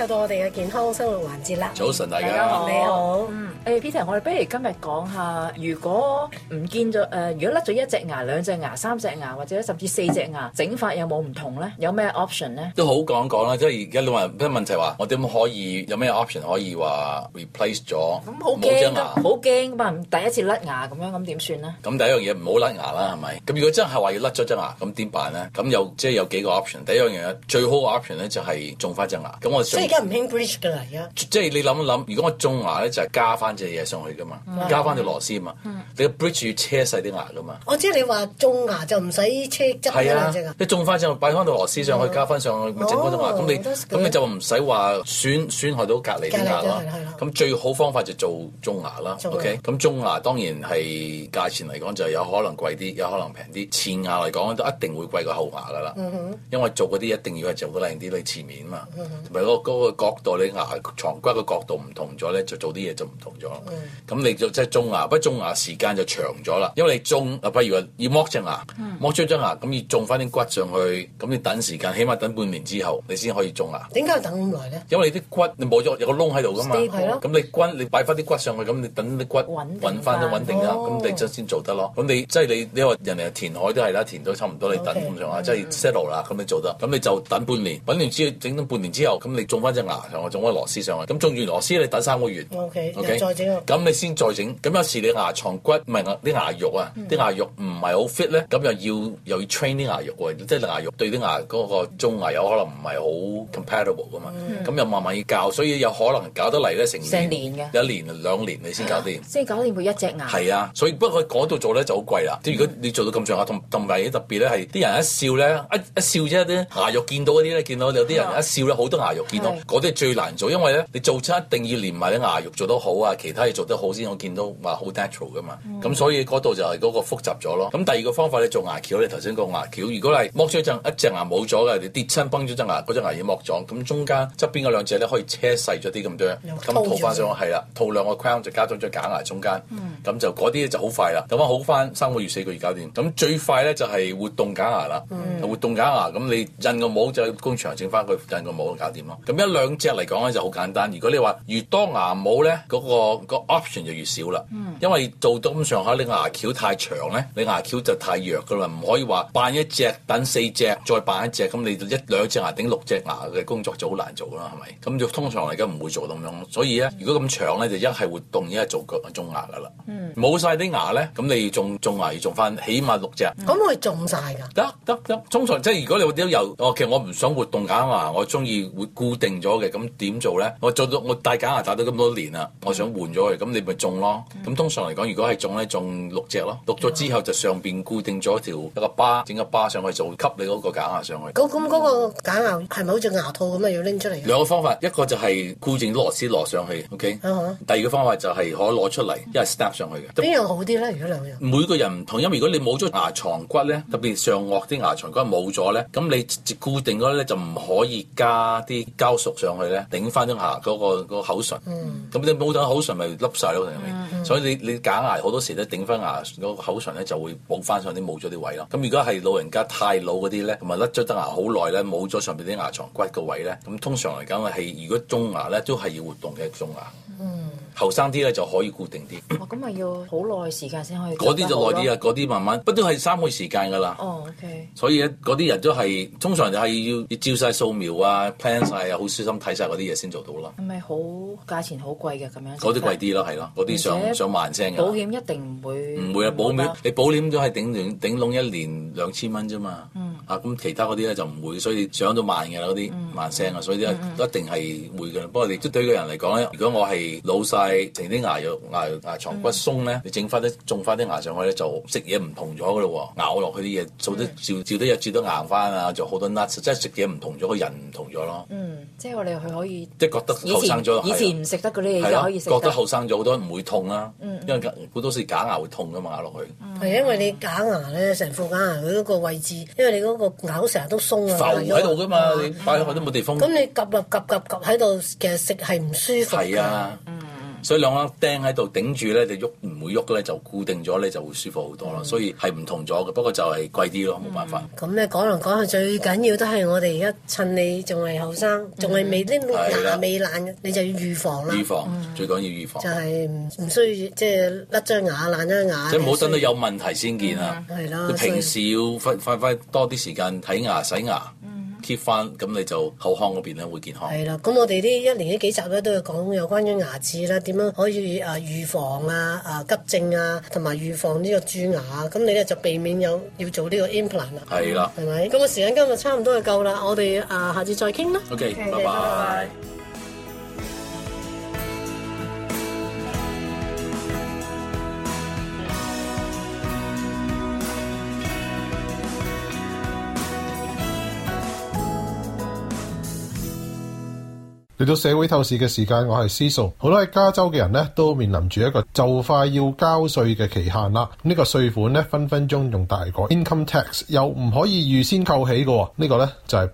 就到我哋嘅健康生活環節啦，早晨大，大家好，你、哎、好。誒，Peter，我哋不如今日講下，如果唔見咗誒、呃，如果甩咗一隻牙、兩隻牙、三隻牙，或者甚至四隻牙，整法有冇唔同咧？有咩 option 咧？都好講講啦，即係而家兩日，即係問題話，我點可以有咩 option 可以話 replace 咗咁好冇隻牙？好驚㗎嘛，第一次甩牙咁樣，咁點算咧？咁第一樣嘢唔好甩牙啦，係咪？咁如果真係話要甩咗隻牙，咁點辦咧？咁有即係有幾個 option？第一樣嘢最好嘅 option 咧就係種返隻牙。咁我而家唔興 bridge 㗎啦，而家即係你諗一諗，如果我種牙咧就係、是、加翻隻嘢上去㗎嘛，加翻條螺絲嘛，的你個 bridge 要車細啲牙㗎嘛。我、哦、知你話種牙就唔使車質㗎，即係種翻之後擺翻條螺絲上去，加翻上去整翻隻牙，咁、oh，你咁你就唔使話損損害到隔離啲牙啦。咁、就是、最好方法就做種牙啦。嗯、OK，咁種牙當然係價錢嚟講就有可能貴啲，有可能平啲。前牙嚟講都一定會貴過後牙㗎啦、嗯，因為做嗰啲一定要係做得靚啲，你前面啊嘛，同埋嗰個高。個角度你牙床骨個角度唔同咗咧，就做啲嘢就唔同咗。咁、嗯、你就即係種牙，不過種牙時間就長咗啦。因為你種啊，不如話要剝隻牙，嗯、剝咗張牙，咁要種翻啲骨上去，咁你等時間，起碼等半年之後，你先可以種牙。點解要等咁耐咧？因為你啲骨你冇咗，有個窿喺度噶嘛。咁你骨你擺翻啲骨上去，咁你等啲骨揾翻都穩定啦。咁、哦、你就先做得咯。咁你即係、就是、你你話人哋係填海都係啦，填到差唔多，你等咁上下即係 settle 啦，咁你做得，咁你就等半年，揾完之整到半年之後，咁你種翻。只牙床嗰種個螺絲上去，咁種完螺絲你等三個月，OK，okay? 再整。咁你先再整，咁有時你牙床骨唔係啲牙肉啊，啲、嗯、牙肉唔係好 fit 咧，咁又要又要 train 啲牙肉，即、就、係、是、牙肉對啲牙嗰個中牙有可能唔係好 compatible 噶、嗯、嘛，咁又慢慢要教，所以有可能搞得嚟咧成成年嘅，有一年、兩年你先搞掂，即係搞掂會一隻牙。係啊，所以、啊、所以不過佢嗰度做咧就好貴啦。即如果你做到咁上下，同同埋特別咧係，啲人一笑咧，一、啊、一笑啫，啲牙肉見到嗰啲咧，見到有啲人一笑咧，好多牙肉見到。嗰啲最難做，因為咧你做親一定要連埋啲牙肉做得好啊，其他嘢做得好先，我見到話好 natural 噶嘛。咁、嗯嗯、所以嗰度就係嗰個複雜咗咯。咁第二個方法你做牙橋，你頭先講牙橋，如果係剝咗一隻牙冇咗嘅，跌親崩咗隻牙，嗰隻牙已經剝咗，咁中間側邊嗰兩隻咧可以車細咗啲咁多，咁套翻上去係啦，套兩個 crown 就加咗隻假牙中間，咁、嗯、就嗰啲就快好快啦，咁啊好翻三個月四個月搞掂。咁最快咧就係活動假牙啦、嗯，活動假牙咁你印個模，就工場整翻佢印個模搞掂咯。咁兩隻嚟講咧就好簡單。如果你話越多牙冇咧，嗰、嗰個 option 就越少啦、嗯。因為做到咁上下，你牙橋太長咧，你牙橋就太弱噶啦，唔可以話扮一隻等四隻再扮一隻。咁你就一兩隻牙頂六隻牙嘅工作就好難做啦，係咪？咁就通常嚟講唔會做咁樣。所以咧，如果咁長咧，就一係活動，一係做腳種牙噶啦。冇晒啲牙咧，咁你種種牙要種翻起碼六隻。咁、嗯、佢種晒㗎？得得得，通常即係、就是、如果你有啲由哦，其實我唔想活動，簡單我中意會固定。咗嘅咁點做咧？我做到我戴假牙戴咗咁多年啦、嗯，我想換咗佢，咁你咪中咯。咁、嗯、通常嚟講，如果係中咧，中六隻咯。六咗之後就上邊固定咗條一個巴，整個巴上去就會吸你嗰個假牙上去。咁咁嗰個假牙係咪好似牙套咁啊？要拎出嚟？兩個方法，一個就係固定螺絲落上去，OK、嗯嗯。第二個方法就係可以攞出嚟，一、嗯、係 snap 上去嘅。邊樣好啲咧？如果兩樣，每個人唔同，因為如果你冇咗牙床骨咧，特別上顎啲牙床骨冇咗咧，咁你固定咗咧就唔可以加啲膠水。上去咧，頂翻咗牙嗰個口唇，咁、嗯嗯、你冇咗口唇咪凹晒咯，明、嗯、所以你你假牙好多時咧，頂翻牙嗰個口唇咧，就會補翻上啲冇咗啲位咯。咁如果係老人家太老嗰啲咧，同埋甩咗得牙好耐咧，冇咗上面啲牙床骨個位咧，咁通常嚟講，係如果中牙咧，都係要活動嘅中牙。嗯後生啲咧就可以固定啲。哇、哦，咁咪要好耐時間先可以。嗰啲就耐啲啊，嗰啲慢慢，不都係三個月時間噶啦。哦，OK。所以嗰啲人都係通常就係要照晒掃描啊，plan 晒啊，好小心睇晒嗰啲嘢先做到咯。係咪好價錢好貴嘅咁樣？嗰啲貴啲咯，係咯，嗰啲上上萬聲嘅。保險一定唔會唔會啊！保險你保險都係頂頂頂籠一年兩千蚊啫嘛。嗯啊，咁其他嗰啲咧就唔會，所以上到慢嘅嗰啲慢聲啊，所以咧都一定係會嘅、嗯嗯。不過你即對個人嚟講咧，如果我係老細，成啲牙肉牙肉牙牀骨鬆咧、嗯，你整翻啲種翻啲牙上去咧，就食嘢唔同咗嘅咯。咬落去啲嘢、嗯，做啲照照啲又照啲硬翻啊，就好多 nuts，即係食嘢唔同咗，個人唔同咗咯。嗯，即係我哋佢可以即係覺得後生咗，係啦，以前唔食得嗰啲嘢又可以食。覺得後生咗好多唔會痛啦、啊嗯，因為好多時假牙會痛㗎嘛咬落去。係、嗯嗯、因為你假牙咧，成、嗯、副假牙佢嗰個位置，因為你、嗰個個咬成日都鬆啊，浮喺度㗎嘛，嗯、你擺喺度都冇地方。咁、嗯、你夾入夾夾夾喺度，其實食係唔舒服。係啊。所以兩粒釘喺度頂住咧，就喐唔會喐咧，就固定咗咧，你就會舒服好多喇、嗯。所以係唔同咗嘅，不過就係貴啲咯，冇辦法。咁、嗯、你講嚟講去最緊要都係我哋而家趁你仲係後生，仲、嗯、係未拎牙未爛，你就要預防啦。預防、嗯、最緊要預防。就係唔唔需要即係甩張牙爛張牙。即係唔好等到有問題先見啊！係、嗯、啦，你平時要花花，花多啲時間睇牙洗牙。Keep 翻，咁你就口腔嗰邊咧會健康。係啦，咁我哋呢一年呢幾集咧都有講有關於牙齒啦，點樣可以誒預防啊、誒、啊、急症啊，同埋預防個呢個蛀牙，咁你咧就避免有要做呢個 implant 啦。係啦，係咪？咁、嗰個時間今日差唔多就夠啦，我哋啊下次再傾啦。OK，拜、okay, 拜。Okay, bye bye。嚟到社會透視嘅時間，我係司素。好多喺加州嘅人咧，都面臨住一個就快要交稅嘅期限啦。呢、這個稅款咧，分分鐘用大過 income tax 又唔可以預先扣起嘅，哦，這個、呢個咧就係、是、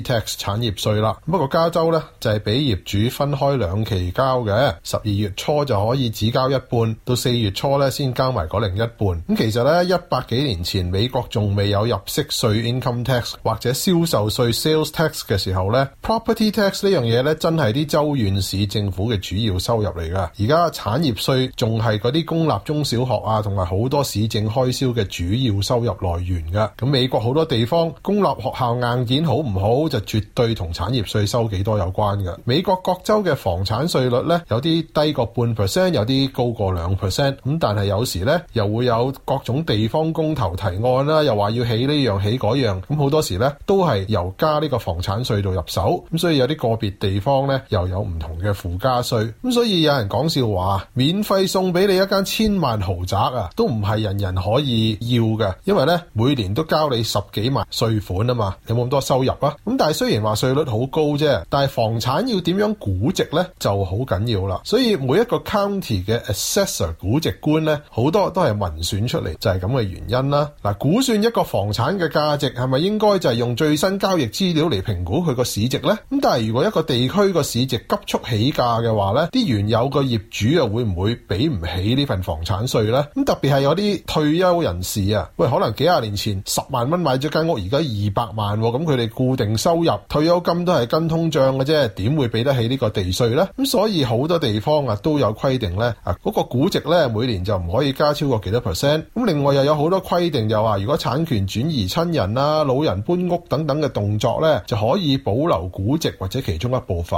property tax 產業稅啦。不過加州咧就係、是、俾業主分開兩期交嘅，十二月初就可以只交一半，到四月初咧先交埋嗰另一半。咁、嗯、其實咧一百幾年前美國仲未有入息稅 income tax 或者銷售稅 sales tax 嘅時候咧，property tax 這呢樣嘢咧真係啲州、縣市政府嘅主要收入嚟噶，而家產業稅仲係嗰啲公立中小學啊，同埋好多市政開銷嘅主要收入來源噶。咁美國好多地方公立學校硬件，好唔好，就絕對同產業稅收幾多有關嘅。美國各州嘅房產稅率咧，有啲低過半 percent，有啲高過兩 percent。咁但係有時咧，又會有各種地方公投提案啦，又話要起呢樣起嗰樣。咁好多時咧，都係由加呢個房產稅度入手。咁所以有啲個別地方，咧又有唔同嘅附加稅，咁所以有人講笑話，免費送俾你一間千萬豪宅啊，都唔係人人可以要嘅，因為咧每年都交你十幾萬稅款啊嘛，有冇咁多收入啊？咁但係雖然話稅率好高啫，但係房產要點樣估值咧就好緊要啦。所以每一個 county 嘅 assessor 估值官咧，好多都係民選出嚟，就係咁嘅原因啦。嗱，估算一個房產嘅價值係咪應該就係用最新交易資料嚟評估佢個市值咧？咁但係如果一個地區，呢、個市值急速起價嘅話，呢啲原有嘅業主又會唔會俾唔起呢份房產稅呢？咁特別係有啲退休人士啊，喂，可能幾廿年前十萬蚊買咗間屋，而家二百萬，咁佢哋固定收入退休金都係跟通脹嘅啫，點會俾得起呢個地稅呢？咁所以好多地方啊都有規定呢，啊，嗰個估值呢，每年就唔可以加超過幾多 percent。咁另外又有好多規定，就是，又話如果產權轉移親人啊、老人搬屋等等嘅動作呢，就可以保留估值或者其中一部分。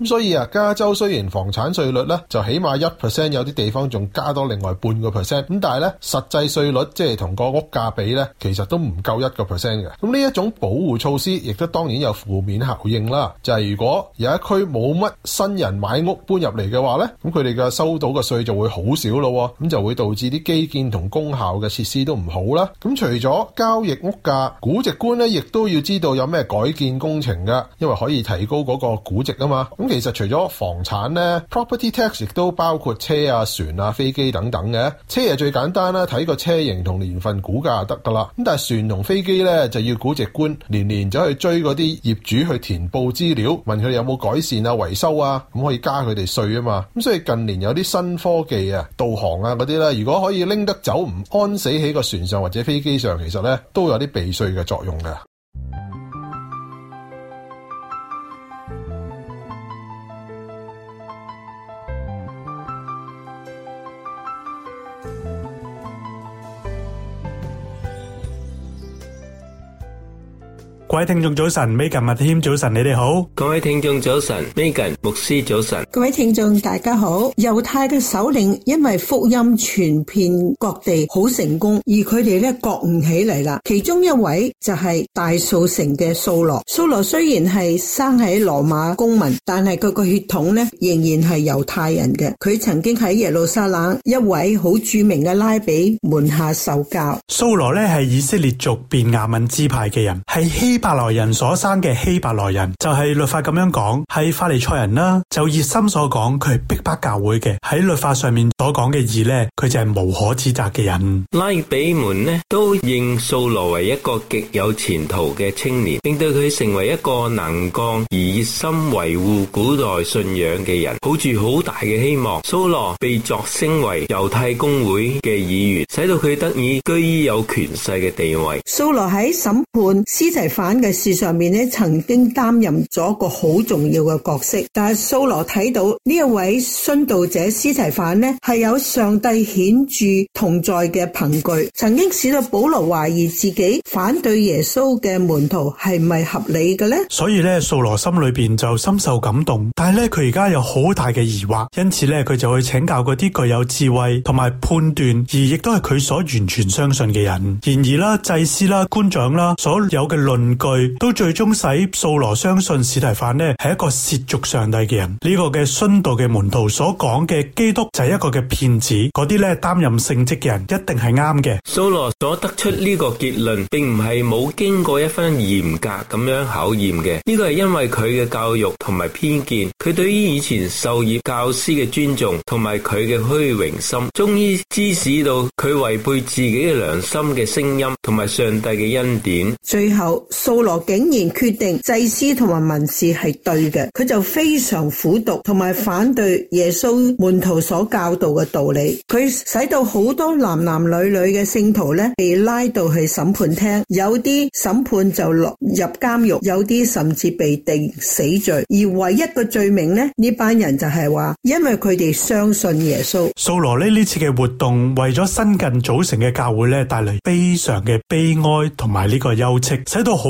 咁所以啊，加州雖然房產稅率咧就起碼一 percent，有啲地方仲加多另外半個 percent，咁但係咧實際稅率即係同個屋價比咧，其實都唔夠一個 percent 嘅。咁呢一種保護措施亦都當然有負面效應啦，就係如果有一區冇乜新人買屋搬入嚟嘅話咧，咁佢哋嘅收到嘅稅就會好少咯，咁就會導致啲基建同功效嘅設施都唔好啦。咁除咗交易屋價估值觀咧，亦都要知道有咩改建工程噶，因為可以提高嗰個估值。咁其實除咗房產咧，property tax 亦都包括車啊、船啊、飛機等等嘅。車係最簡單啦，睇個車型同年份估價就得噶啦。咁但係船同飛機咧就要估值官年年走去追嗰啲業主去填報資料，問佢哋有冇改善啊、維修啊，咁可以加佢哋稅啊嘛。咁所以近年有啲新科技啊、導航啊嗰啲咧，如果可以拎得走唔安死喺個船上或者飛機上，其實咧都有啲避稅嘅作用㗎。各位聽眾早晨，美琴麥添早晨，你哋好。各位聽眾早晨，美琴牧師早晨。各位聽眾大家好。猶太嘅首領因為福音傳遍各地好成功，而佢哋咧覺悟起嚟啦。其中一位就係大數城嘅掃羅。掃羅雖然係生喺羅馬公民，但係佢個血統咧仍然係猶太人嘅。佢曾經喺耶路撒冷一位好著名嘅拉比門下受教。掃羅咧係以色列族便雅憫支派嘅人，係希。希伯來人所生嘅希伯來人，就係律法咁樣講，係法利賽人啦。就熱心所講，佢係逼迫教會嘅。喺律法上面所講嘅義呢，佢就係無可指責嘅人。拉比們呢都認掃羅為一個極有前途嘅青年，並對佢成為一個能幹而熱心維護古代信仰嘅人，抱住好大嘅希望。掃羅被擢升為猶太公會嘅議員，使到佢得以居於有權勢嘅地位。掃羅喺審判司提反。嘅事上面呢，曾經擔任咗一個好重要嘅角色。但係掃羅睇到呢一位殉道者司提反呢，係有上帝顯著同在嘅憑據，曾經使到保羅懷疑自己反對耶穌嘅門徒係咪合理嘅呢？所以呢，掃羅心裏邊就深受感動。但係呢，佢而家有好大嘅疑惑，因此呢，佢就去請教嗰啲具有智慧同埋判斷，而亦都係佢所完全相信嘅人。然而啦，祭司啦、官長啦，所有嘅論。句都最終使掃羅相信司提反呢係一個褻瀆上帝嘅人呢，這個嘅殉道嘅門徒所講嘅基督就係一個嘅騙子，嗰啲咧擔任聖職嘅人一定係啱嘅。掃羅所得出呢個結論並唔係冇經過一番嚴格咁樣考驗嘅呢，這個係因為佢嘅教育同埋偏見，佢對於以前授業教師嘅尊重同埋佢嘅虛榮心終於指使到佢違背自己嘅良心嘅聲音同埋上帝嘅恩典最後。掃羅竟然決定祭司同埋文士係對嘅，佢就非常苦毒同埋反對耶穌門徒所教導嘅道理。佢使到好多男男女女嘅聖徒咧被拉到去審判廳，有啲審判就落入監獄，有啲甚至被定死罪。而唯一嘅罪名呢，呢班人就係話因為佢哋相信耶穌。掃羅呢呢次嘅活動為咗新近組成嘅教會咧帶嚟非常嘅悲哀同埋呢個憂戚，使到好。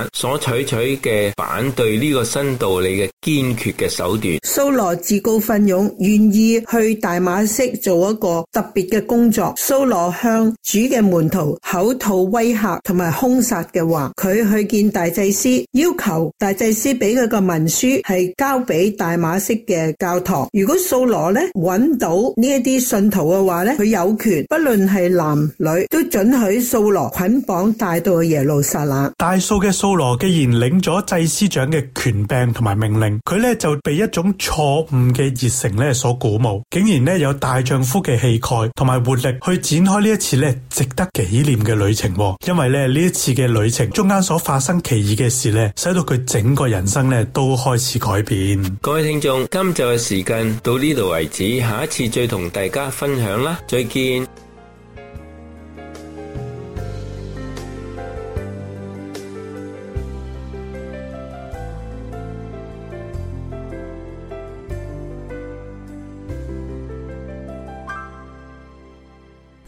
所採取嘅反對呢個新道理嘅堅決嘅手段，掃羅自告奮勇，願意去大馬色做一個特別嘅工作。掃羅向主嘅門徒口吐威嚇同埋凶殺嘅話，佢去見大祭司，要求大祭司俾佢個文書係交俾大馬色嘅教堂。如果掃羅呢揾到呢一啲信徒嘅話呢，佢有權不論係男女都准許掃羅捆綁帶到耶路撒冷。大數嘅掃掃羅既然領咗祭司長嘅權柄同埋命令，佢咧就被一種錯誤嘅熱誠咧所鼓舞，竟然咧有大丈夫嘅氣概同埋活力去展開呢一次咧值得紀念嘅旅程。因為咧呢一次嘅旅程中間所發生奇異嘅事咧，使到佢整個人生咧都開始改變。各位聽眾，今集嘅時間到呢度為止，下一次再同大家分享啦，再見。